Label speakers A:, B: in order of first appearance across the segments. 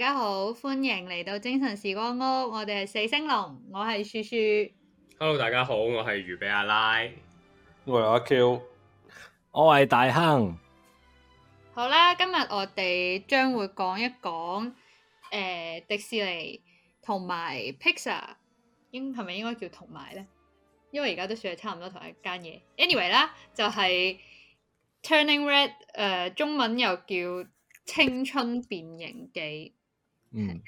A: 大家好，歡迎嚟到精神時光屋。我哋係四星龍，我係雪雪。
B: Hello，大家好，我係魚比阿拉，
C: 我係阿 Q，我係大
A: 亨。好啦，今日我哋將會講一講誒迪士尼同埋 Pixar，應係咪應該叫同埋呢？因為而家都算係差唔多同一間嘢。Anyway 啦，就係 Turning Red，誒，中文又叫青春變形記。嗯，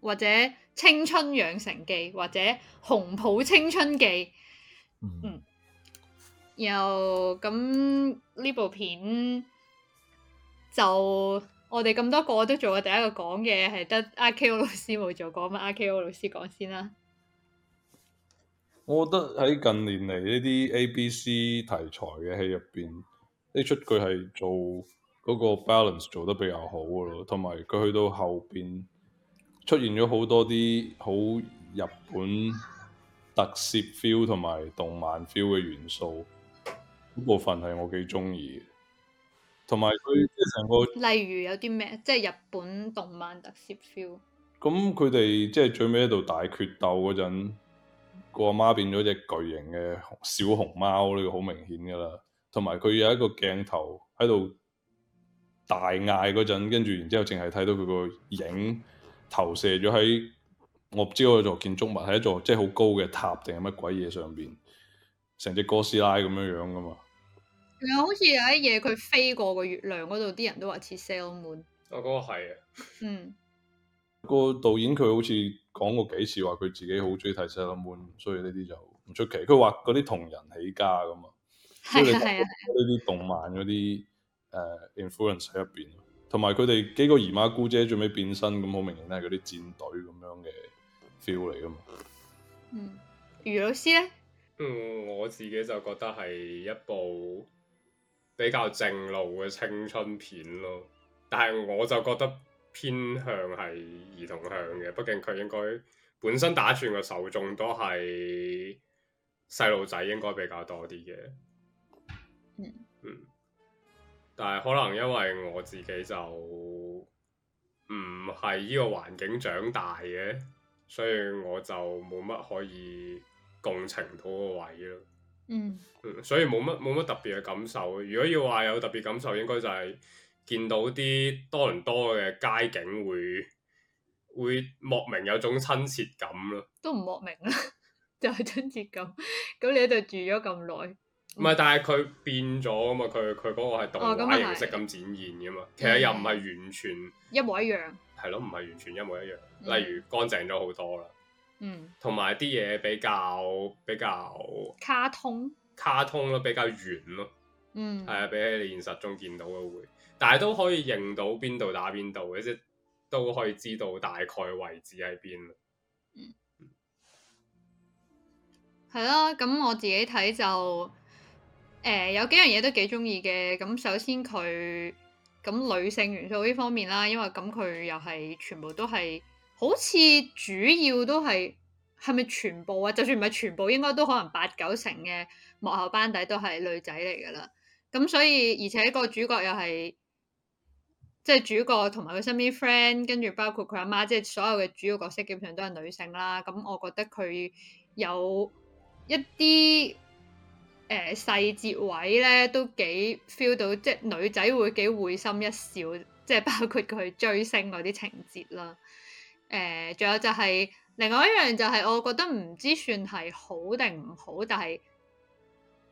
A: 或者《青春養成記》，或者《紅普青春記》，嗯，又咁呢部片就我哋咁多個都做過第一個講嘅，係得阿 Ko 老師冇做過，咁阿 Ko 老師先講先啦。
C: 我覺得喺近年嚟呢啲 A、B、C 題材嘅戲入邊，呢出佢係做。嗰個 balance 做得比較好咯，同埋佢去到後邊出現咗好多啲好日本特攝 feel 同埋動漫 feel 嘅元素，嗰部分係我幾中意，同埋佢即係成個，
A: 例如有啲咩即係日本動漫特攝 feel。
C: 咁佢哋即係最尾喺度大決鬥嗰陣，個阿媽變咗隻巨型嘅小熊貓，呢個好明顯噶啦。同埋佢有一個鏡頭喺度。大嗌嗰陣，跟住然之後，淨係睇到佢個影投射咗喺我唔知嗰座建築物，係一座即係好高嘅塔定係乜鬼嘢上邊，成隻哥斯拉咁樣樣噶嘛？
A: 係好似有一嘢佢飛過個月亮嗰度，啲人都話似《Sailor Moon》
B: 嗯。我嗰個係
C: 啊，嗯，個導演佢好似講過幾次話，佢自己好中意睇《Sailor Moon》，所以呢啲就唔出奇。佢話嗰啲同人起家噶嘛，
D: 係啊係啊，呢
C: 啲、啊啊、動漫嗰啲。誒、uh, influence 喺入邊，同埋佢哋幾個姨媽姑姐最尾變身咁，好明顯咧係嗰啲戰隊咁樣嘅 feel 嚟㗎嘛。嗯，
A: 余老師呢？嗯，
B: 我自己就覺
C: 得係一部
B: 比較正路嘅青春片咯，但係我就覺得偏向係兒童向嘅，畢竟佢應該本身打算嘅受眾都係細路仔，應該比較多啲嘅。嗯嗯。嗯但係可能因為我自己就唔係依個環境長大嘅，所以我就冇乜可以共情到個位咯。嗯，所以冇乜冇乜特別嘅感受。如果要話有特別感受，應該就係見到啲多倫多嘅街景會會莫名有種親切感咯。
A: 都唔莫名啦，就係親切感。咁 你喺度住咗咁耐。
B: 唔係，但係佢變咗啊嘛。佢佢嗰個係動畫形式咁展現嘅嘛。哦、其實又唔係完、嗯、完全一模一樣，係咯、嗯，唔係完全一模一樣。例如乾淨咗好多啦，同埋啲嘢比較比較卡通，卡通咯，比較圓咯，嗯，係啊，比起你現實中見到嘅會，但係都可以認到邊度打邊度，或者、嗯、都可以知道大概位置喺邊啊。
A: 係咯、嗯。咁我自己睇就。誒、呃、有幾樣嘢都幾中意嘅，咁首先佢咁女性元素呢方面啦，因為咁佢又係全部都係好似主要都係係咪全部啊？就算唔係全部，應該都可能八九成嘅幕後班底都係女仔嚟噶啦。咁所以而且個主角又係即係主角同埋佢身邊 friend，跟住包括佢阿媽，即係所有嘅主要角色基本上都係女性啦。咁我覺得佢有一啲。誒、呃、細節位咧都幾 feel 到，即係女仔會幾會心一笑，即係包括佢追星嗰啲情節啦。誒、呃，仲有就係、是、另外一樣、就是，就係我覺得唔知算係好定唔好，但係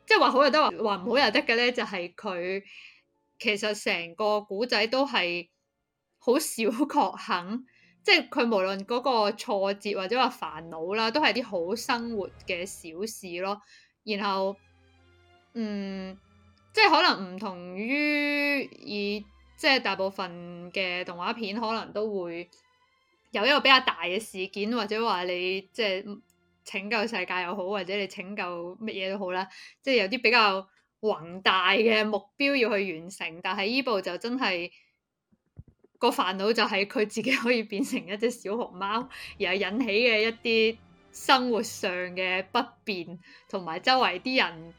A: 即係話好又得話話唔好又得嘅咧，就係、是、佢其實成個古仔都係好小確幸，即係佢無論嗰個挫折或者話煩惱啦，都係啲好生活嘅小事咯，然後。嗯，即係可能唔同於以即係大部分嘅動畫片，可能都會有一個比較大嘅事件，或者話你即係拯救世界又好，或者你拯救乜嘢都好啦。即係有啲比較宏大嘅目標要去完成，但係依部就真係個煩惱就係佢自己可以變成一隻小熊貓，而係引起嘅一啲生活上嘅不便，同埋周圍啲人。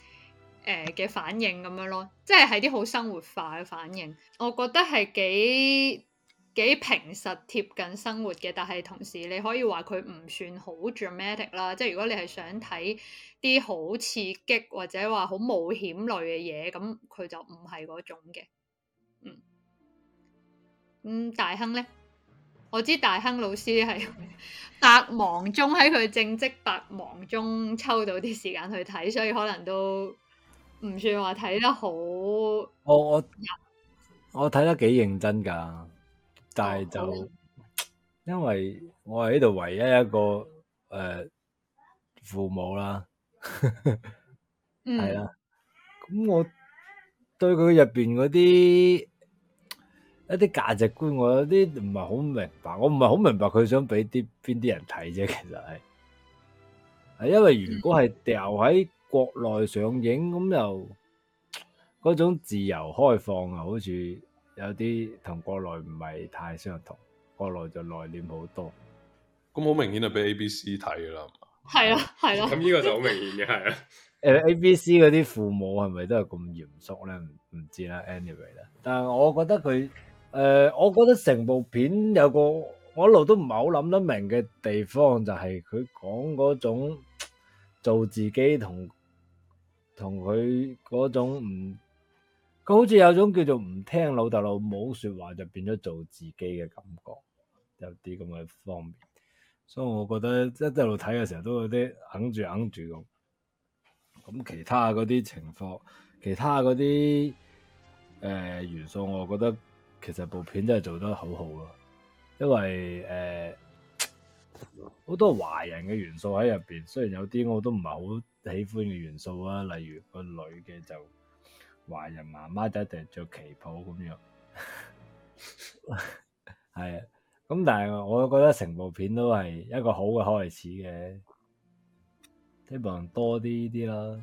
A: 誒嘅、呃、反應咁樣咯，即係係啲好生活化嘅反應，我覺得係幾幾平實貼近生活嘅。但係同時你可以話佢唔算好 dramatic 啦，即係如果你係想睇啲好刺激或者話好冒險類嘅嘢，咁佢就唔係嗰種嘅。嗯，咁、嗯、大亨呢，我知大亨老師係百忙中喺佢正職百忙中抽到啲時間去睇，所以可能都，唔算話
D: 睇得好、哦，我我我睇得幾認真噶，但係就、哦、因為我係呢度唯一一個誒、呃、父母啦，係 啦、嗯、咁、啊、我對佢入邊嗰啲一啲價值觀，我有啲唔係好明白，我唔係好明白佢想俾啲邊啲人睇啫，其實係係因為如果係掉喺。嗯國內上映咁，又嗰種自由開放啊，好似有啲同國內唔係太相同，國內就內斂好多。
C: 咁好明顯就，俾 ABC 睇噶啦，
A: 係啊係啊。咁呢
C: 個就好明顯嘅，
D: 係啊。誒，ABC 嗰啲父母係咪都係咁嚴肅咧？唔唔知啦，anyway 啦。但係我覺得佢，誒，我覺得成部片有個我一路都唔係好諗得明嘅地方，就係佢講嗰種做自己同同佢嗰種唔，佢好似有種叫做唔聽老豆老母說話就變咗做自己嘅感覺，有啲咁嘅方面，所以我覺得一路睇嘅時候都有啲哽住哽住咁。咁其他嗰啲情況，其他嗰啲誒元素，我覺得其實部片真係做得好好咯，因為誒。呃好多華人嘅元素喺入邊，雖然有啲我都唔係好喜歡嘅元素啊，例如個女嘅就華人媽媽就一定着旗袍咁樣，係 啊。咁但係我覺得成部片都係一個好嘅開始嘅，希望多啲呢啲啦。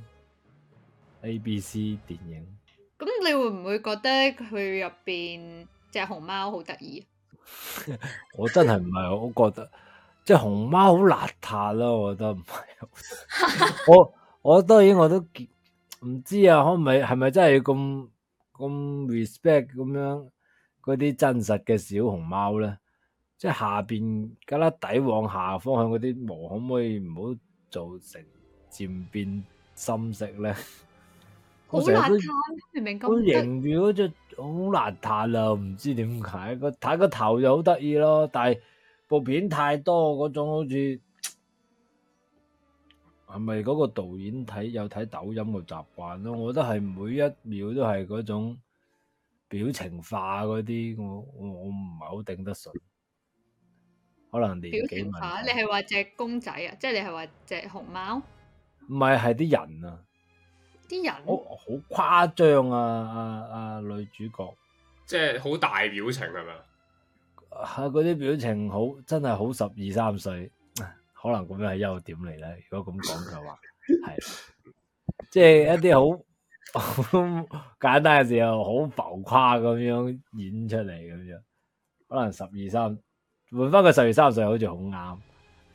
D: ABC 電影。
A: 咁你會唔會覺得佢入邊隻熊貓好得意？
D: 我真係唔係好覺得。 隻熊貓好邋遢咯，我覺得唔係。我我當然我都唔知啊，可咪係咪真係咁咁 respect 咁樣嗰啲真實嘅小熊貓咧？即係下邊格粒底往下方向嗰啲毛，可唔可以唔好造成漸變深色咧？
A: 好邋遢，明明咁得。
D: 咁迎住嗰隻好邋遢啊！唔知點解，個睇個頭就好得意咯，但係。部片太多嗰種，好似係咪嗰個導演睇有睇抖音嘅習慣咯？我覺得係每一秒都係嗰種表情化，嗰啲，我我我唔係好頂得順。可能年紀問題。表情化？
A: 你係話隻公仔啊？即係你係話隻熊貓？
D: 唔係，係啲人啊！
A: 啲人
D: 好誇張啊！啊啊！女主角
B: 即係好大表情係咪啊？
D: 吓，嗰啲表情好真係好十二三歲，可能咁樣係優點嚟咧。如果咁講嘅話，係即係一啲好簡單嘅時候，好浮誇咁樣演出嚟，咁樣可能十二三換翻個十二三歲，好似好啱。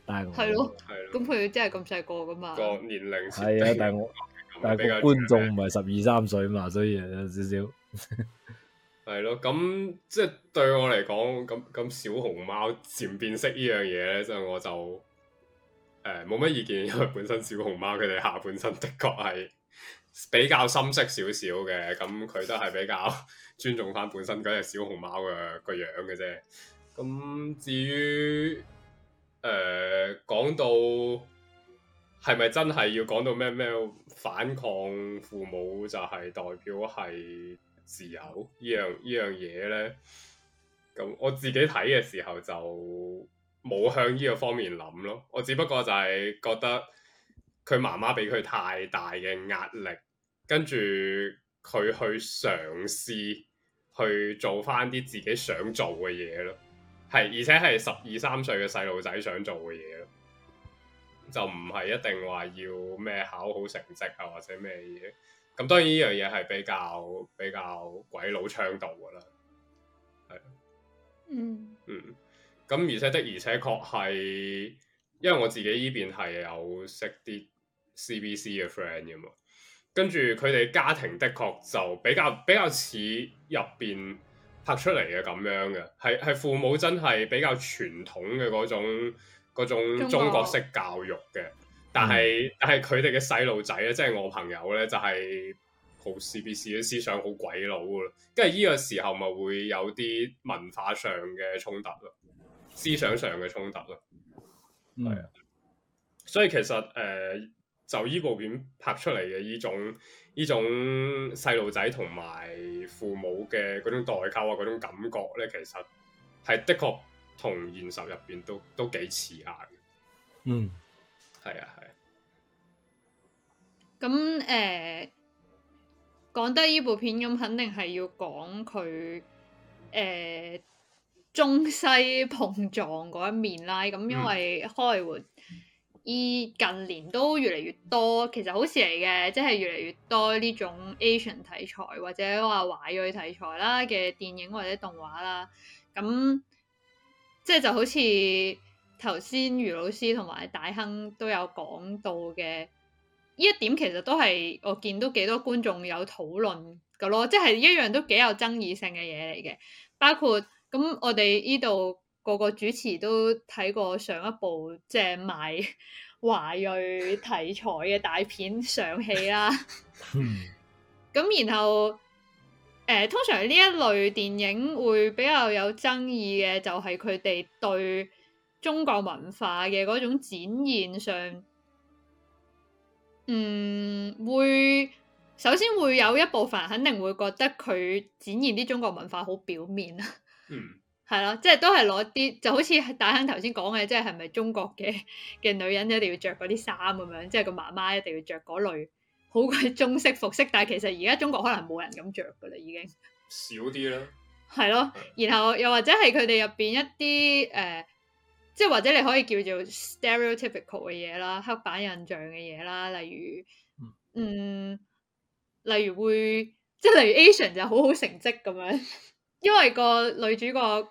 D: 但係，係
A: 咯，係咯，咁佢真係咁細個噶嘛？
B: 年齡係啊，但係我
D: 但係觀眾唔係十二三歲嘛，所以有少少。
B: 係咯，咁即係對我嚟講，咁咁小熊貓漸變色呢樣嘢咧，真係我就誒冇乜意見，因為本身小熊貓佢哋下半身的確係比較深色少少嘅，咁佢都係比較尊重翻本身嗰隻小熊貓嘅個樣嘅啫。咁至於誒講到係咪真係要講到咩咩反抗父母，就係代表係？自由呢樣呢樣嘢呢，咁我自己睇嘅時候就冇向呢個方面諗咯。我只不過就係覺得佢媽媽俾佢太大嘅壓力，跟住佢去嘗試去做翻啲自己想做嘅嘢咯。係而且係十二三歲嘅細路仔想做嘅嘢咯，就唔係一定話要咩考好成績啊，或者咩嘢。咁當然呢樣嘢係比較比較鬼佬倡導嘅啦，係，嗯嗯，咁、嗯、而且的而且確係，因為我自己依邊係有識啲 C B C 嘅 friend 㗎嘛，跟住佢哋家庭的確就比較比較似入邊拍出嚟嘅咁樣嘅，係係父母真係比較傳統嘅嗰種嗰種中國式教育嘅。但係係佢哋嘅細路仔咧，即係、嗯就是、我朋友咧，就係、是、好 C B C 嘅思想好鬼佬噶啦，跟住依個時候咪會有啲文化上嘅衝突咯，思想上嘅衝突咯，
C: 係啊、嗯。
B: 所以其實誒、呃，就依部片拍出嚟嘅依種依種細路仔同埋父母嘅嗰種代溝啊，嗰種感覺咧，其實係的確同現實入邊都都幾似下嘅，嗯。係啊，係、
A: 啊。咁誒、啊呃、講得呢部片咁，肯定係要講佢誒、呃、中西碰撞嗰一面啦。咁因為開活依近年都越嚟越多，其實好事嚟嘅，即、就、係、是、越嚟越多呢種 Asian 題材或者話華裔題材啦嘅電影或者動畫啦，咁即係就好似。頭先余老師同埋大亨都有講到嘅呢一點，其實都係我見到幾多觀眾有討論㗎咯，即係一樣都幾有爭議性嘅嘢嚟嘅。包括咁，我哋呢度個個主持都睇過上一部即係賣華裔題材嘅大片上戲啦。
D: 嗯，
A: 咁然後誒、呃，通常呢一類電影會比較有爭議嘅，就係佢哋對。中國文化嘅嗰種展現上，嗯，會首先會有一部分肯定會覺得佢展現啲中國文化好表面啊，嗯，係咯，即係都係攞啲就好似大亨頭先講嘅，即係係咪中國嘅嘅女人一定要着嗰啲衫咁樣，即係個媽媽一定要着嗰類好鬼中式服飾，但係其實而家中國可能冇人咁着噶啦，已經少啲啦，係咯，然後又或者係佢哋入邊一啲誒。呃即係或者你可以叫做 stereotypical 嘅嘢啦，刻板印象嘅嘢啦，例如，嗯，例如會即係例如 Asian 就好好成績咁樣，因為個女主角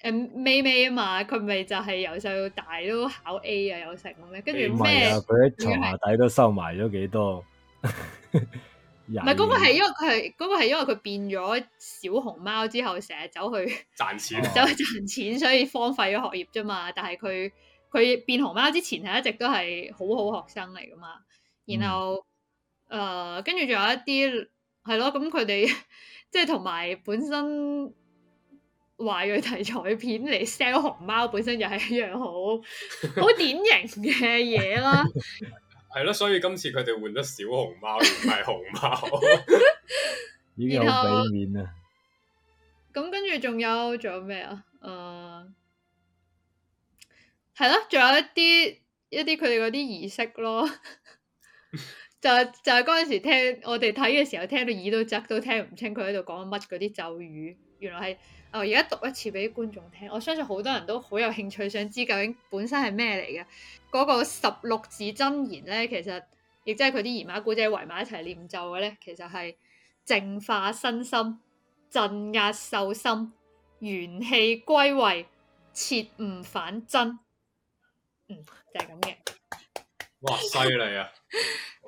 A: 誒美美啊嘛，佢咪就係由細到大都考 A 啊，有成咩？跟住咩？佢喺、哎、床下底
D: 都收埋咗幾多、哎？ 唔係，嗰個係因為
A: 佢係，嗰個係因為佢變咗小熊貓之後，成日走去
D: 賺
B: 錢，走去賺
A: 錢，所以荒廢咗學業啫嘛。但係佢佢變熊貓之前係一直都係好好學生嚟噶嘛。然後誒跟住仲有一啲係咯，咁佢哋即係同埋本身華裔題材片嚟 sell 熊貓，本身就係一樣好好典型嘅嘢啦。
B: 係咯，所以今次佢哋換咗小熊貓，唔係熊貓，
D: 好避免啊！
A: 咁跟住仲有仲有咩啊？誒、嗯，係咯，仲有一啲一啲佢哋嗰啲儀式咯， 就係、是、就係嗰陣時聽我哋睇嘅時候，聽到耳都塞，都聽唔清佢喺度講乜嗰啲咒語。原來係，我而家讀一次俾觀眾聽，我相信好多人都好有興趣想知究竟本身係咩嚟嘅。嗰個十六字真言咧，其實亦即係佢啲姨媽姑姐圍埋一齊唸咒嘅咧，其實係淨化身心、鎮壓獸心、元氣歸位、切勿反真。嗯，就係咁嘅。
C: 哇！犀
D: 利啊！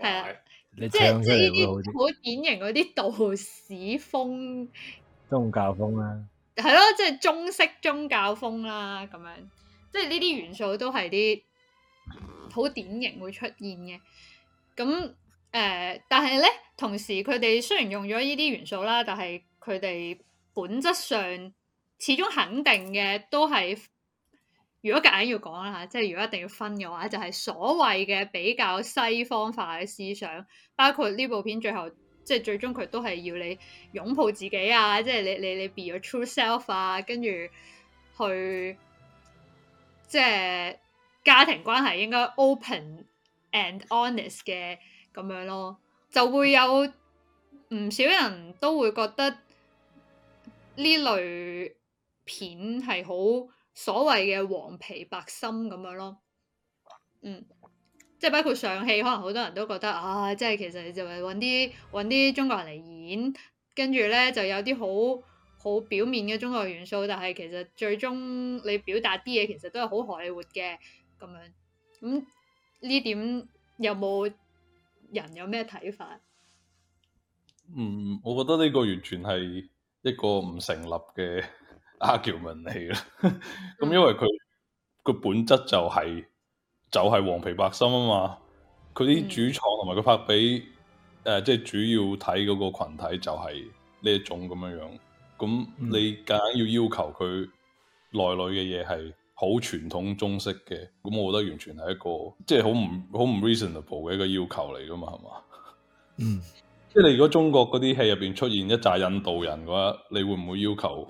B: 係 啊，即係呢啲好
A: 典型嗰啲道士風
D: 宗教風啦、
A: 啊，係咯、啊，即、就、係、係、中式宗教風啦、啊、咁樣，即係呢啲元素都係啲。好典型會出現嘅，咁誒、呃，但係咧，同時佢哋雖然用咗呢啲元素啦，但係佢哋本質上始終肯定嘅都係，如果夾硬要講啦嚇，即係如果一定要分嘅話，就係、是、所謂嘅比較西方化嘅思想，包括呢部片最後即係最終佢都係要你擁抱自己啊，即係你你你 be your true self 啊，跟住去即係。家庭關係應該 open and honest 嘅咁樣咯，就會有唔少人都會覺得呢類片係好所謂嘅黃皮白心咁樣咯。嗯，即係包括上戲，可能好多人都覺得啊，即係其實就係揾啲揾啲中國人嚟演，跟住呢就有啲好好表面嘅中國元素，但係其實最終你表達啲嘢其實都係好荷里活嘅。咁樣，咁、嗯、呢點有冇人有咩睇法？
C: 嗯，我覺得呢個完全係一個唔成立嘅 argument 嚟嘅。咁、 嗯嗯、因為佢個本質就係、是、就係、是、黃皮白心啊嘛。佢啲主創同埋佢拍俾誒，即係、嗯呃就是、主要睇嗰個群體就係呢一種咁樣樣。咁、嗯嗯、你硬要要求佢內裏嘅嘢係。好傳統中式嘅，咁我覺得完全係一個即係好唔好唔 reasonable 嘅一個要求嚟㗎嘛，係 嘛？
D: 嗯，
C: 即係你如果中國嗰啲戲入邊出現一扎印度人嘅話，你會唔會要求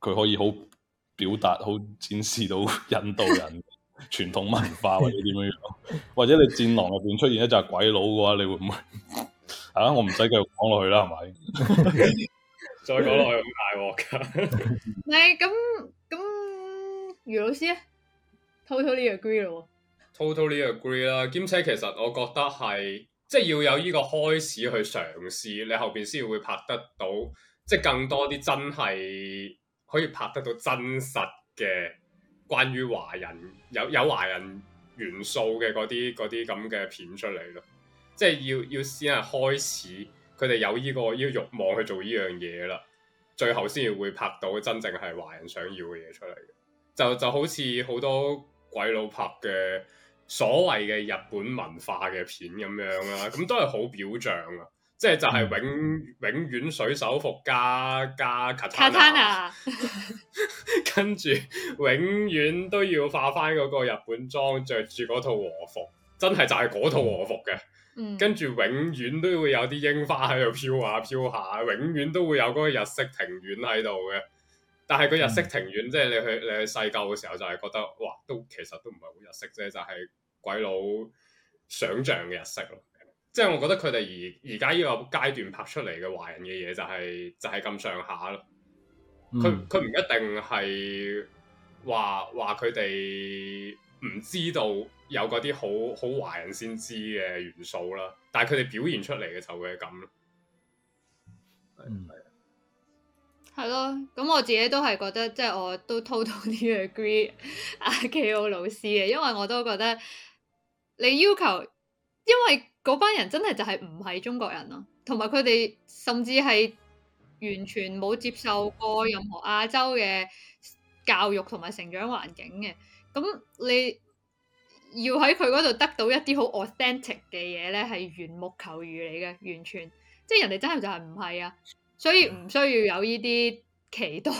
C: 佢可以好表達、好展示到印度人傳統文化或者點樣樣？ 或者你戰狼入邊出現一扎鬼佬嘅話，你會唔會 啊？我唔使繼續講落去啦，係咪？
B: 再講落去咁大鑊㗎 ？
A: 唔係咁。余老師，totally agree 咯
B: ，totally agree 啦。兼且其實我覺得係，即係要有呢個開始去嘗試，你後邊先會拍得到，即係更多啲真係可以拍得到真實嘅關於華人有有華人元素嘅嗰啲嗰啲咁嘅片出嚟咯。即係要要先係開始，佢哋有呢個要欲望去做呢樣嘢啦，最後先會拍到真正係華人想要嘅嘢出嚟嘅。就就好似好多鬼佬拍嘅所謂嘅日本文化嘅片咁樣啦，咁都係好表象啊！即係就係永永遠水手服加加卡塔娜，跟住永遠都要化翻嗰個日本妝，着住嗰套和服，真係就係嗰套和服嘅。跟住永遠都會有啲櫻花喺度飄下飄下，永遠都會有嗰個日式庭院喺度嘅。但係佢日式庭院，即係你去你去細舊嘅時候，就係覺得，哇，都其實都唔係好日式啫，就係鬼佬想象嘅日式咯。即係我覺得佢哋而而家呢個階段拍出嚟嘅華人嘅嘢，就係就係咁上下咯。佢佢唔一定係話話佢哋唔知道有嗰啲好好華人先知嘅元素啦，但係佢哋表現出嚟嘅就會係咁咯。嗯。
A: 係咯，咁我自己都係覺得，即係我都 totally agree、啊、阿 Ko 老師嘅，因為我都覺得你要求，因為嗰班人真係就係唔係中國人咯、啊，同埋佢哋甚至係完全冇接受過任何亞洲嘅教育同埋成長環境嘅，咁你要喺佢嗰度得到一啲好 authentic 嘅嘢咧，係緣木求魚嚟嘅，完全即係人哋真係就係唔係啊！所以唔需要有呢啲期待，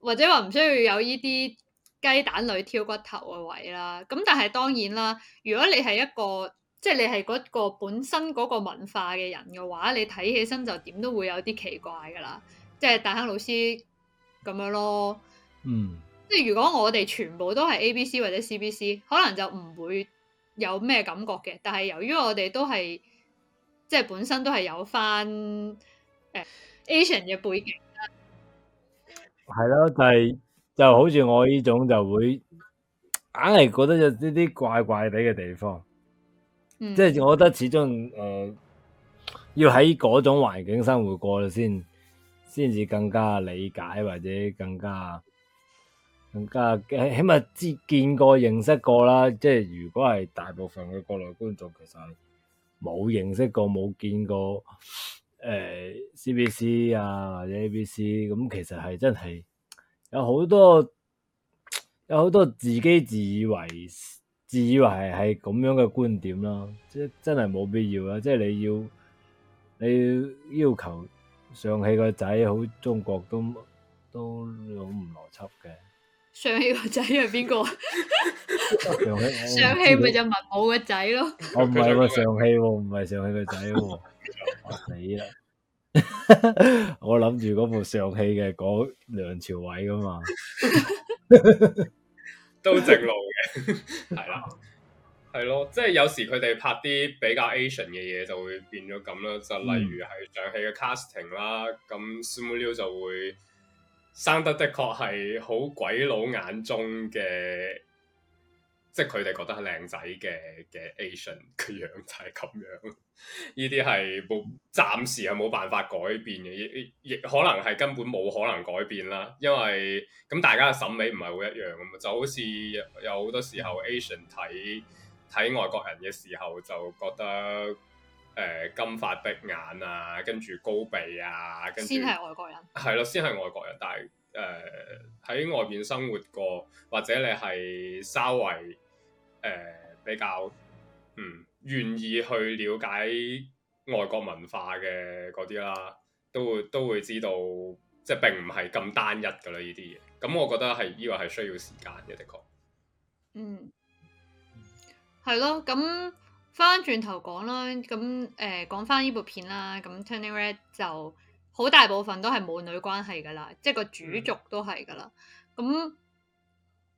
A: 或者話唔需要有呢啲雞蛋裏挑骨頭嘅位啦。咁但係當然啦，如果你係一個即係、就是、你係嗰個本身嗰個文化嘅人嘅話，你睇起身就點都會有啲奇怪噶啦。即、就、係、是、大亨老師咁樣咯。嗯，即係如果我哋全部都係 A B C 或者 C B C，可能就唔會有咩感覺嘅。但係由於我哋都係即係本身都係有返 Asian 嘅背景
D: 啦，係咯，就係、是、就好似我呢種就會硬係覺得有啲啲怪怪地嘅地方，即係、嗯、我覺得始終誒、呃、要喺嗰種環境生活過咗先，先至更加理解或者更加更加起碼知見過、認識過啦。即、就、係、是、如果係大部分嘅國內觀眾，其實係冇認識過、冇見過。誒，C B C 啊，或者 A B C，咁其實係真係有好多有好多自己自以為自以為係咁樣嘅觀點啦，即係真係冇必要啦。即係你要你要要求上汽個仔好中國都都好唔邏輯嘅。
A: 上汽個仔係邊個？上汽咪就問我個仔咯。
D: 我唔係喎，上汽喎，唔係上汽個仔喎。死啦！ 我諗住嗰部上戲嘅講梁朝偉噶嘛，
B: 都正路嘅，係 啦，係咯，即係有時佢哋拍啲比較 Asian 嘅嘢就會變咗咁啦。就例如係上戲嘅 casting 啦、嗯，咁 Simu Liu、um、就會生得的確係好鬼佬眼中嘅。即係佢哋覺得係靚仔嘅嘅 Asian 嘅樣就係咁樣，呢啲係冇，暫時係冇辦法改變嘅，亦亦可能係根本冇可能改變啦。因為咁大家嘅審美唔係好一樣咁啊，就好似有好多時候 Asian 睇睇外國人嘅時候就覺得誒、呃、金髮碧眼啊，跟住高鼻啊，跟住先係外國人，係咯，先係外國人，但係誒喺外邊生活過，或者你係稍微。誒、呃，比較嗯願意去了解外國文化嘅嗰啲啦，都會都會知道，即係並唔係咁單一噶啦呢啲嘢。咁我覺得係呢個係需要時間嘅，的確。嗯，
A: 係咯、嗯。咁翻轉頭講啦，咁誒講翻呢部片啦，咁 Turning Red 就好大部分都係母女關係噶啦，即係個主軸都係噶啦。咁誒、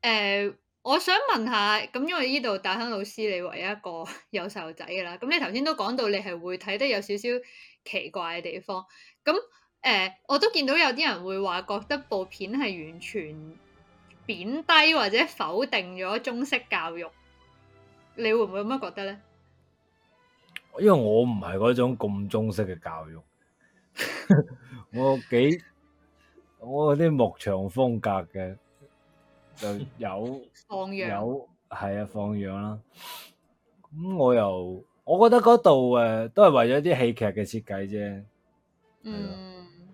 A: 嗯。我想問下，咁因為呢度大亨老師你唯一一個有細路仔嘅啦，咁你頭先都講到你係會睇得有少少奇怪嘅地方，咁誒、呃，我都見到有啲人會話覺得部片係完全貶低或者否定咗中式教育，你會唔會咁樣覺得咧？
D: 因為我唔係嗰種咁中式嘅教育， 我幾我嗰啲牧場風格嘅。就有
A: 放養，有
D: 係啊，放養啦。咁我又，我覺得嗰度誒，都係為咗啲戲劇嘅設計啫。嗯，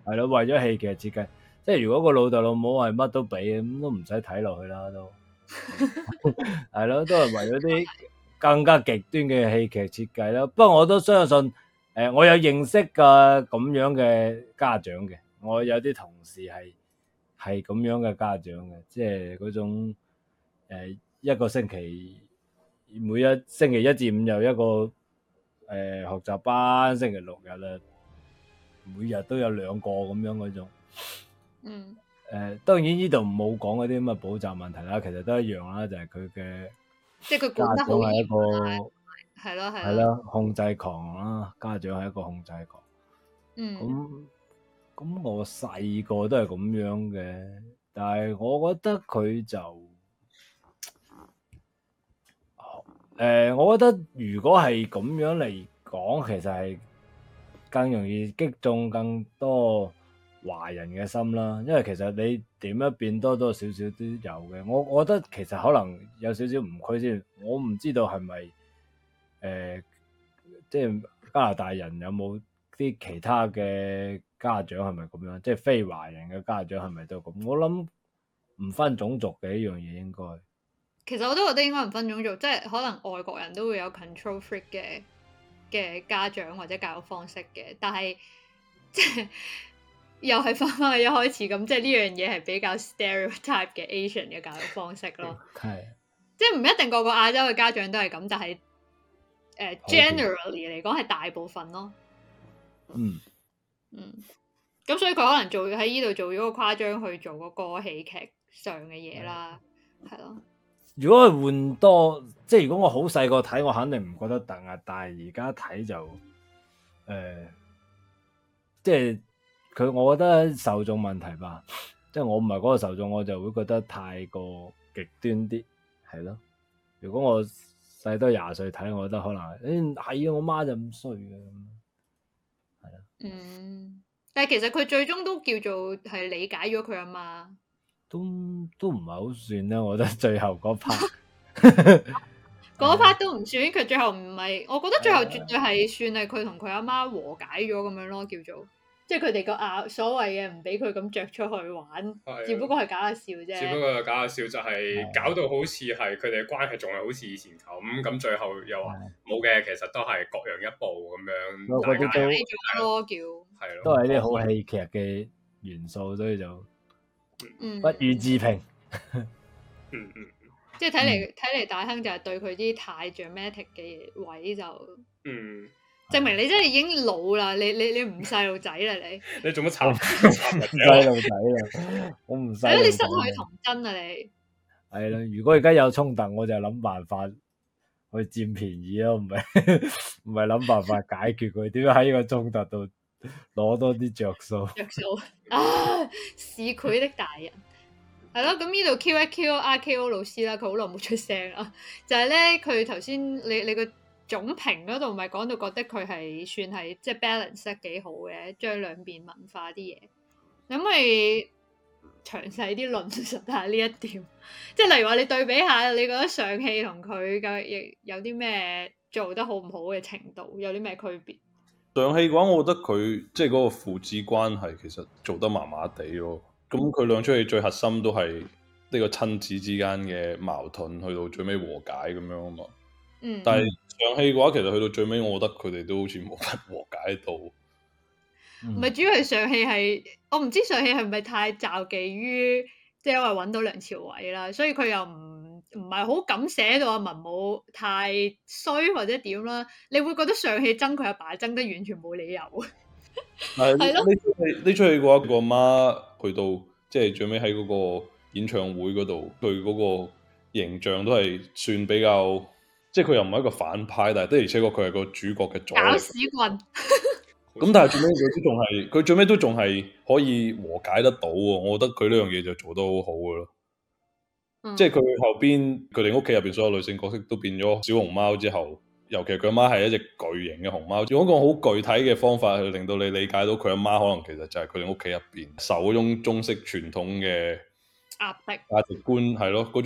D: 係咯，為咗戲劇設計。即係如果個老豆老母係乜都俾，咁都唔使睇落去啦。都係咯，都係為咗啲更加極端嘅戲劇設計啦。不過我都相信，誒，我有認識嘅咁樣嘅家長嘅，我有啲同事係。係咁樣嘅家長嘅，即係嗰種誒、呃，一個星期每一星期一至五有一個誒、呃、學習班，星期六日啦，每日都有兩個咁樣嗰種。嗯。誒，當然呢度冇講嗰啲咩補習問題啦，其實都一樣啦，就係佢嘅。
A: 即係佢覺得係一個係咯係咯
D: 控制狂啦，啊，家長係一個控制狂。嗯。咁。咁我細個都係咁樣嘅，但係我覺得佢就，誒、呃，我覺得如果係咁樣嚟講，其實係更容易擊中更多華人嘅心啦。因為其實你點樣變多多少少都有嘅。我我覺得其實可能有少少唔區先，我唔知道係咪誒、即、呃、係、就是、加拿大人有冇啲其他嘅。家長係咪咁樣？即係非華人嘅家長係咪都咁？我諗唔分種族嘅呢樣嘢應該。
A: 其實我都覺得應該唔分種族，即係可能外國人都會有 control freak 嘅嘅家長或者教育方式嘅，但係即係又係翻返去一開始咁，即係呢樣嘢係比較 stereotype 嘅 Asian 嘅教育方式咯。係 對，即係唔一定個個亞洲嘅家長都係咁，但係誒、呃、像 generally 嚟講係大部分咯。嗯。嗯，咁所以佢可能做喺呢度做咗個誇張，去做個歌喜劇上嘅嘢啦，係咯、
D: 嗯。的如果係換多，即係如果我好細個睇，我肯定唔覺得突兀。但係而家睇就誒、呃，即係佢，我覺得受眾問題吧。即係我唔係嗰個受眾，我就會覺得太過極端啲，係咯。如果我細多廿歲睇，我覺得可能誒係啊，我媽就咁衰㗎。
A: 嗯，但係其實佢最終都叫做係理解咗佢阿媽，
D: 都都唔係好算啦。我覺得最後嗰 part
A: 嗰 part 都唔算，佢最後唔係，我覺得最後絕對係算係佢同佢阿媽和解咗咁樣咯，叫做。即係佢哋個亞所謂嘅唔俾佢咁着出去玩，只不過係搞下笑啫。只不過
B: 係搞下笑，就係搞到好似係佢哋嘅關係仲係好似以前咁。咁最後又話冇嘅，其實都係各讓一步咁樣。都
D: 係
A: 一
D: 啲好戲劇嘅元素，所以就不予置評。
B: 嗯
A: 嗯，即係睇嚟睇嚟，大亨就係對佢啲太 dramatic 嘅位就嗯。證明你真係已經老啦，你你你唔細路仔啦，你
B: 你做乜
D: 慘？唔細路仔啦，我唔
B: 細。係咯，你失去
A: 童真啊你。
D: 係咯，如果而家有衝突，我就諗辦法去佔便宜咯，唔係唔係諗辦法解決佢。點樣喺呢個衝突度攞多啲著數？著
A: 數啊！是佢的大人。係咯，咁呢度 QIQO RKO 老師啦，佢好耐冇出聲啦，就係咧，佢頭先你你個。總評嗰度咪講到覺得佢係算係即係 balance 得幾好嘅，將兩邊文化啲嘢，咁咪詳細啲論述下呢一點。即 係例如話，你對比下，你覺得上戲同佢嘅亦有啲咩做得好唔好嘅程度，有啲咩區別？
C: 上戲嘅話，我覺得佢即係嗰個父子關係其實做得麻麻地咯。咁佢兩出戲最核心都係呢個親子之間嘅矛盾，去到最尾和解咁樣啊嘛。
A: 嗯，但係尚氣
C: 嘅話，其實去到最尾，我覺得佢哋都好似冇乜和解到，
A: 唔係、嗯、主要係尚氣係，我唔知尚氣係咪太顧忌於，即係因為揾到梁朝偉啦，所以佢又唔唔係好敢寫到阿文武太衰或者點啦，你會覺得尚氣憎佢阿爸憎得完全冇理由，
C: 係係咯，呢齣戲呢齣戲嘅話，佢阿媽去到即係、就是、最尾喺嗰個演唱會嗰度，佢嗰個形象都係算比較。即係佢又唔係一個反派，但係的而且確佢係個主角嘅左。搞屎棍。咁 但係最尾佢都仲係，佢最尾都仲係可以和解得到。我覺得佢呢樣嘢就做得好好嘅咯。嗯、即係佢後邊佢哋屋企入邊所有女性角色都變咗小熊貓之後，尤其佢阿媽係一隻巨型嘅熊貓，用一個好具體嘅方法去令到你理解到佢阿媽可能其實就係佢哋屋企入邊受嗰種中式傳統嘅壓迫價值觀係咯嗰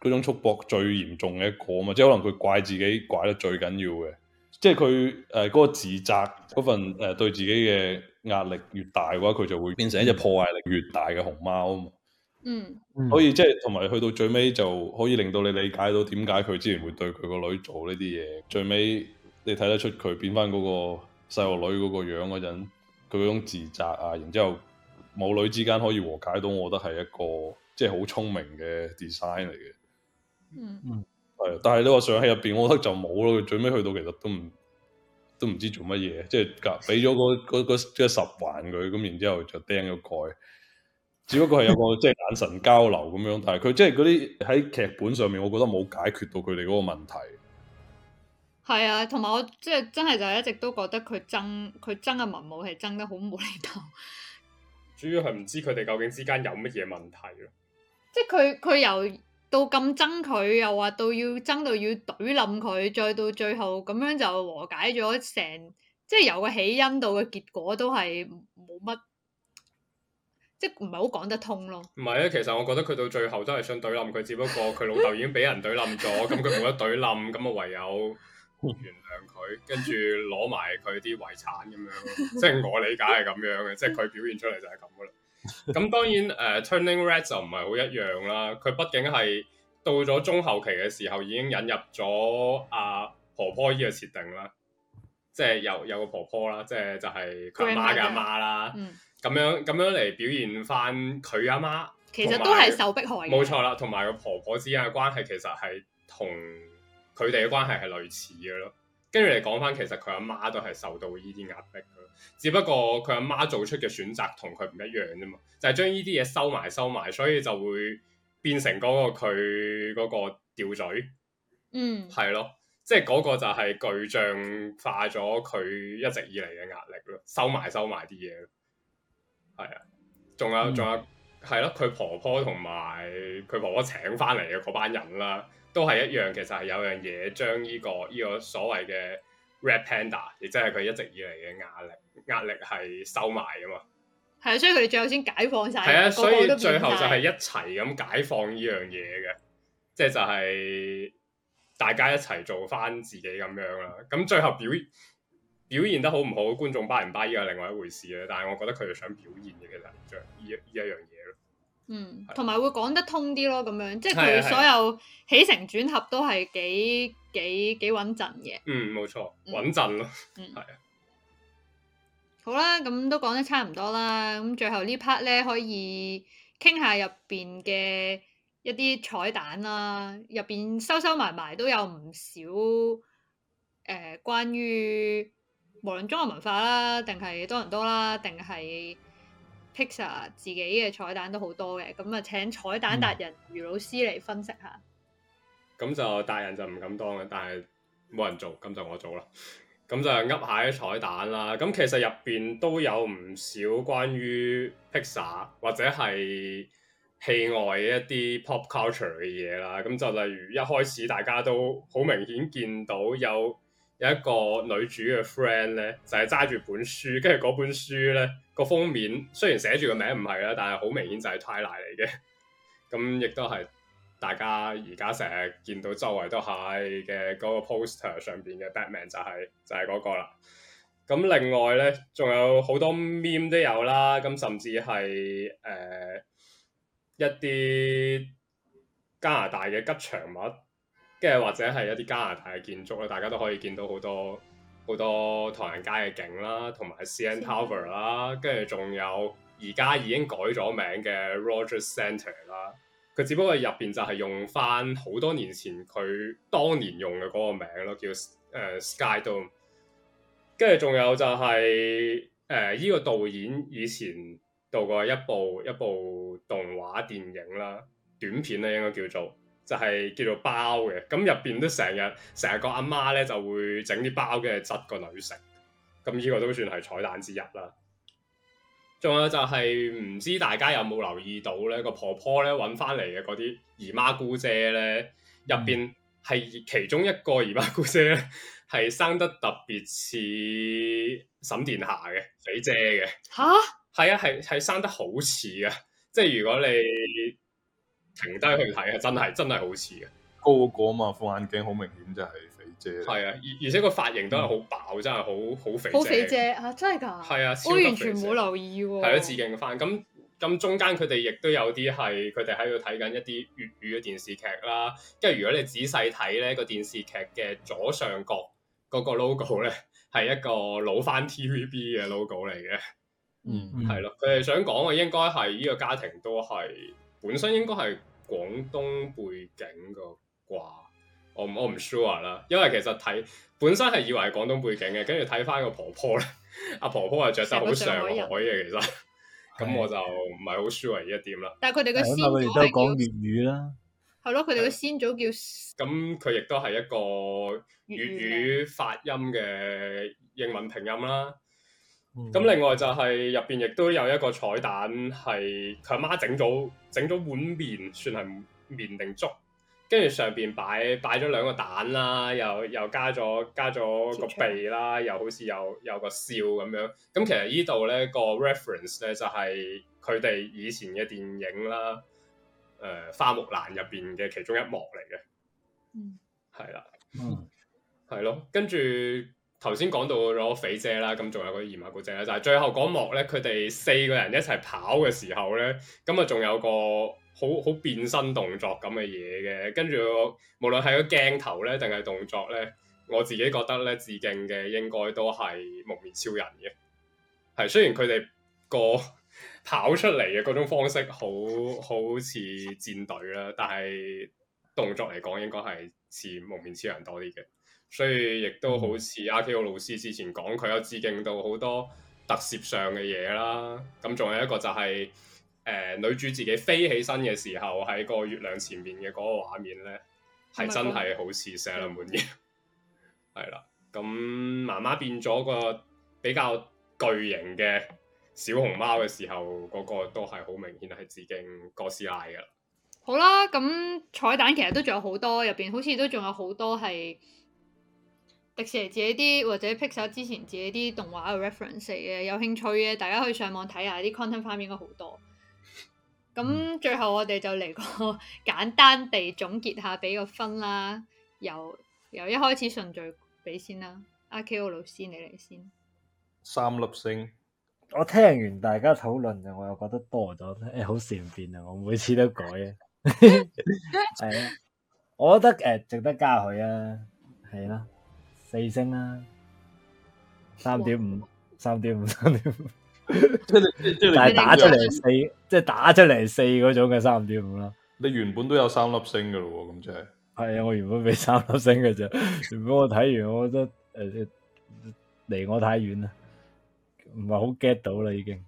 C: 嗰種束縛最嚴重嘅一個啊嘛，即係可能佢怪自己怪得最緊要嘅，即係佢誒嗰個自責嗰份誒、呃、對自己嘅壓力越大嘅話，佢就會變成一隻破壞力越大嘅熊貓啊嘛。嗯，所以即係同埋去到最尾就可以令到你理解到點解佢之前會對佢個女做呢啲嘢，最尾你睇得出佢變翻嗰個細路女嗰個樣嗰陣，佢嗰種自責啊，然之後母女之間可以和解到，我覺得係一個即係好聰明嘅 design 嚟嘅。嗯嗯，係，但係你話上喺入邊，我覺得就冇咯。佢最尾去到，其實都唔都唔知做乜嘢，即係夾俾咗個、 嗰個嗰個、即係十環佢，咁然之後就釘咗蓋，只不過係有個即係 眼神交流咁樣。但係佢即係嗰啲喺劇本上面，我覺得冇解決到佢哋嗰個問題。
A: 係啊，同埋我即係、就係、真係就一直都覺得佢爭佢爭嘅文武係爭得好冇厘頭，
B: 主要係唔知佢哋究竟之間有乜嘢問題
A: 咯。即係佢佢有。到咁憎佢，又話到要憎到要懟冧佢，再到最後咁樣就和解咗，成即係由個起因到個結果都係冇乜，即係唔係好講得通咯？
B: 唔係啊，其實我覺得佢到最後都係想懟冧佢，只不過佢老豆已經俾人懟冧咗，咁佢冇得懟冧，咁啊唯有原諒佢，跟住攞埋佢啲遺產咁樣，即係我理解係咁樣嘅，即係佢表現出嚟就係咁噶啦。咁 當然誒、呃、，Turning Red 就唔係好一樣啦。佢畢竟係到咗中後期嘅時候，已經引入咗阿、啊、婆婆依個設定啦，即係有有個婆婆啦，即係就係佢阿媽嘅阿媽啦，咁樣咁樣嚟表現翻佢阿媽，其實都係受迫害嘅。冇錯啦，同埋個婆婆之間嘅關係，其實係同佢哋嘅關係係類似嘅咯。跟住你講翻，其實佢阿媽都係受到呢啲壓迫嘅，只不過佢阿媽做出嘅選擇同佢唔一樣啫嘛，就係將呢啲嘢收埋收埋，所以就會變成嗰個佢嗰個吊嘴，嗯，係咯，即係嗰個就係具象化咗佢一直以嚟嘅壓力咯，收埋收埋啲嘢，係啊，仲有仲、嗯、有係咯，佢婆婆同埋佢婆婆請翻嚟嘅嗰班人啦。都係一樣，其實係有樣嘢，將呢個呢個所謂嘅 Red Panda，亦即係佢一直以嚟嘅壓力壓力係收埋噶嘛。
A: 係啊，所以佢哋最後先解放晒，係啊的，所以最後就係
B: 一齊咁解放呢樣嘢嘅，即係就係、是、大家一齊做翻自己咁樣啦。咁最後表表現得好唔好，觀眾 buy 唔 buy 又另外一回事咧，但係我覺得佢哋想表現嘅嘅啦，就依呢一樣嘢。
A: 嗯，同埋的會講得通啲咯，咁樣即係佢所有起承轉合都係幾的幾幾穩陣嘅。嗯，冇
B: 錯，穩陣咯。嗯，係
A: 啊的。好啦，咁都講得差唔多啦。咁最後呢 part 咧，可以傾下入邊嘅一啲彩蛋啦。入邊收收埋埋都有唔少誒、呃，關於無論中國文化啦，定係多倫多啦，定係。Pixar 自己嘅彩蛋都好多嘅，咁啊請彩蛋達人余、嗯、老師嚟分析下。
B: 咁就達人就唔敢當啦，但係冇人做，咁就我做啦。咁就噏下啲彩蛋啦。咁其實入邊都有唔少關於 Pixar，或者係戲外一啲 pop culture 嘅嘢啦。咁就例如一開始大家都好明顯見到有。有一個女主嘅 friend 咧，就係揸住本書，跟住嗰本書咧個封面雖然寫住個名唔係啦，但係好明顯就係泰拉嚟嘅。咁 亦都係大家而家成日見到周圍都係嘅嗰個 poster 上邊嘅 Batman 就係、是、就係、是、嗰個啦。咁另外咧，仲有好多 meme 都有啦，咁甚至係誒、呃、一啲加拿大嘅吉祥物。跟住或者係一啲加拿大嘅建築咧，大家都可以見到好多好多唐人街嘅景啦，同埋 CN Tower 啦，跟住仲有而家已經改咗名嘅 Rogers Centre 啦。佢只不過入邊就係用翻好多年前佢當年用嘅嗰個名咯，叫誒、uh, Sky Dome。跟住仲有就係誒依個導演以前導過一部一部動畫電影啦，短片咧、啊、應該叫做。就係叫做包嘅，咁入邊都成日成日個阿媽咧就會整啲包嘅，執個女食。咁呢個都算係彩蛋之一啦。仲有就係、是、唔知大家有冇留意到咧，個婆婆咧揾翻嚟嘅嗰啲姨媽姑姐咧，入邊係其中一個姨媽姑姐咧，係生得特別似沈殿霞嘅肥姐嘅。吓？係啊，係係、啊、生得好似啊！即係如果你。停低去睇、就是、啊，啊！真係真係好似嘅，
C: 高個嘛，副眼鏡好明顯就係肥
B: 姐。係啊，而而且個髮型都係好飽，真係好好肥。好肥姐
A: 啊！真係噶。係
B: 啊，我完全冇
A: 留意喎、哦。係咯、啊，致
B: 敬翻。咁咁中間佢哋亦都有啲係，佢哋喺度睇緊一啲粵語嘅電視劇啦。跟住如果你仔細睇咧，個電視劇嘅左上角嗰個 logo 咧，係一個老翻 TVB 嘅 logo 嚟嘅。嗯，嗯，係咯、啊。佢哋想講嘅應該係呢個家庭都係本身應該係廣東背景個啩，我唔我唔 sure 啦，因為其實睇本身係以為係廣東背景嘅，跟住睇返個婆婆咧，阿婆婆係着得好上海嘅，海其實咁、嗯、的我就唔係好 sure 呢一點啦。但係佢哋嘅先祖都係講
D: 粵語啦，
A: 係咯，佢哋嘅先祖叫
B: 咁佢亦都係一個粵語發音嘅英文拼音啦。咁、嗯、另外就係入邊亦都有一個彩蛋，係佢阿媽整咗整咗碗麵，算係麵定粥，跟住上邊擺擺咗兩個蛋啦，又又加咗加咗個鼻啦，又好似又有，有個笑咁樣。咁其實呢度呢個 reference 呢，就係佢哋以前嘅電影啦、呃，花木蘭入邊嘅其中一幕嚟嘅，係啦，係咯，跟住。頭先講到咗肥姐啦，咁仲有嗰啲姨媽姑姐啦，就係最後嗰幕咧，佢哋四個人一齊跑嘅時候咧，咁啊仲有個好好變身動作咁嘅嘢嘅，跟住無論係個鏡頭咧定係動作咧，我自己覺得咧，致敬嘅應該都係蒙面超人嘅。係，雖然佢哋個跑出嚟嘅嗰種方式好好似戰隊啦，但係動作嚟講應該係似蒙面超人多啲嘅。所以亦都好似阿 Ko 老師之前講，佢有致敬到好多特攝上嘅嘢啦。咁仲有一個就係、是、誒、呃、女主自己飛起身嘅時候，喺個月亮前面嘅嗰個畫面呢，係真係好似《聖誕滿嘅。係 啦。咁媽媽變咗個比較巨型嘅小熊貓嘅時候，嗰、那個都係好明顯係致敬哥斯拉嘅。
A: 好啦，咁彩蛋其實都仲有好多，入邊好似都仲有好多係。迪士尼自己啲或者 Pixar 之前自己啲動畫有 reference 嘅，有興趣嘅，大家可以上網睇下啲 content 方面應該好多。咁最後我哋就嚟個簡單地總結下，俾個分啦。由由一開始順序俾先啦。阿 Ko 老師你嚟先。
C: 三粒星。
D: 我聽完大家討論就我又覺得多咗，誒，好善變啊！我每次都改啊。係啊，我覺得誒、呃、值得加佢啊，係啦。四星啦，三點五，三點五，三點
C: 五，但係打出嚟四，
D: 即係打出嚟四嗰種嘅三點五啦。
C: 你原本都有三粒星嘅咯，咁即係。
D: 係啊，我原本俾三粒星嘅啫。原本我睇完，我覺得誒，離我太遠啦，唔係好 get 到啦，已經。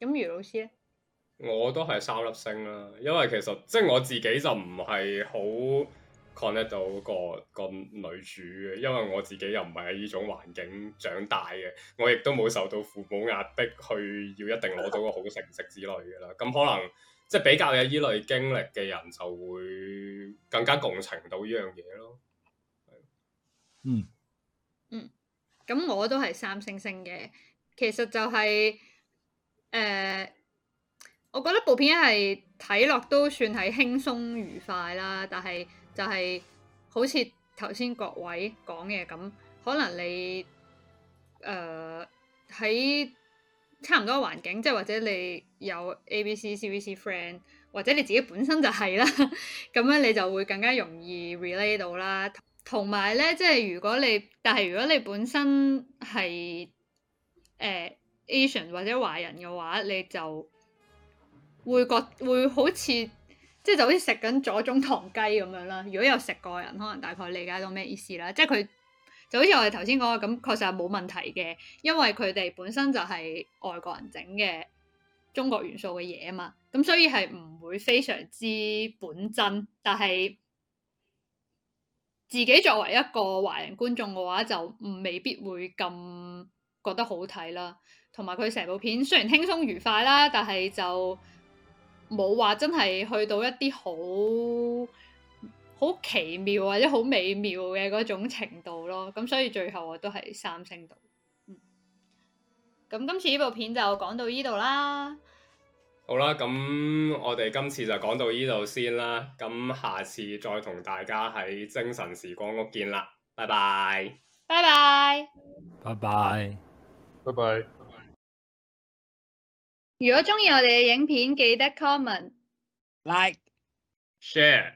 A: 咁余老師咧？
B: 我都係三粒星啦，因為其實即係我自己就唔係好。connect 到個個女主嘅，因為我自己又唔係喺呢種環境長大嘅，我亦都冇受到父母壓迫去要一定攞到個好成績之類嘅啦。咁可能即係比較有依類經歷嘅人就會更加共情到呢樣嘢咯。係。
D: 嗯。
A: 嗯。咁我都係三星星嘅，其實就係、是、誒、呃，我覺得部片係睇落都算係輕鬆愉快啦，但係。就係、是、好似頭先各位講嘅咁，可能你誒喺、呃、差唔多環境，即係或者你有 ABC、CBC friend，或者你自己本身就係啦，咁 樣你就會更加容易 relate 到啦。同埋咧，即係如果你，但係如果你本身係誒、呃、Asian 或者華人嘅話，你就會覺會好似。即係就好似食緊左宗棠雞咁樣啦，如果有食過人，可能大概理解到咩意思啦。即係佢就好似我哋頭先講嘅咁，確實係冇問題嘅，因為佢哋本身就係外國人整嘅中國元素嘅嘢啊嘛。咁所以係唔會非常之本真，但係自己作為一個華人觀眾嘅話，就未必會咁覺得好睇啦。同埋佢成部片雖然輕鬆愉快啦，但係就冇話真係去到一啲好好奇妙或者好美妙嘅嗰種程度咯，咁所以最後我都係三星度。嗯，咁今次呢部片就講到依度啦。
B: 好啦，咁我哋今次就講到依度先啦，咁下次再同大家喺精神時光屋見啦，
D: 拜拜，
A: 拜拜，
D: 拜拜，拜拜。
A: 如果鍾意我哋嘅影片記得 comment
C: like share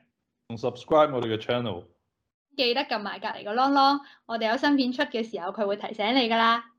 C: 同 subscribe 我哋嘅 channel
A: 記得撳埋隔離個啷啷我哋有新片出嘅時候佢會提醒你噶啦